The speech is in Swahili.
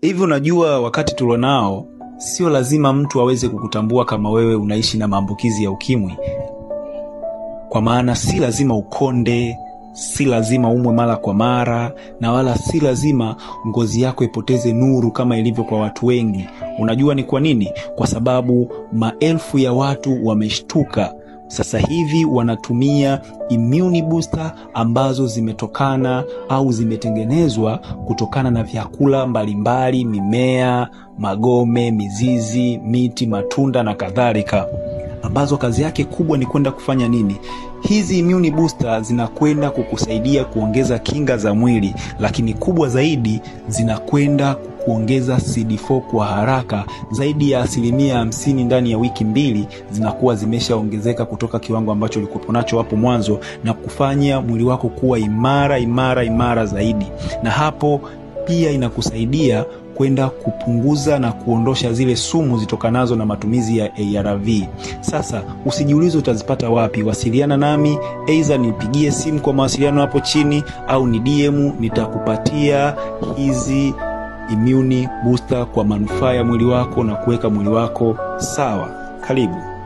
Hivi unajua wakati tulionao sio lazima mtu aweze kukutambua kama wewe unaishi na maambukizi ya ukimwi, kwa maana si lazima ukonde, si lazima umwe mara kwa mara, na wala si lazima ngozi yako ipoteze nuru kama ilivyo kwa watu wengi. Unajua ni kwa nini? Kwa sababu maelfu ya watu wameshtuka sasa hivi wanatumia immune booster ambazo zimetokana au zimetengenezwa kutokana na vyakula mbalimbali, mimea, magome, mizizi, miti, matunda na kadhalika ambazo kazi yake kubwa ni kwenda kufanya nini? Hizi immune booster zinakwenda kukusaidia kuongeza kinga za mwili, lakini kubwa zaidi zinakwenda kuongeza CD4 kwa haraka zaidi ya asilimia hamsini ndani ya wiki mbili, zinakuwa zimeshaongezeka kutoka kiwango ambacho ulikuwa nacho hapo mwanzo na kufanya mwili wako kuwa imara imara imara zaidi, na hapo pia inakusaidia kwenda kupunguza na kuondosha zile sumu zitokanazo na matumizi ya ARV. Sasa usijiulize utazipata wapi, wasiliana nami, aidha nipigie simu kwa mawasiliano hapo chini au ni DM, nitakupatia hizi immune booster kwa manufaa ya mwili wako na kuweka mwili wako sawa. Karibu.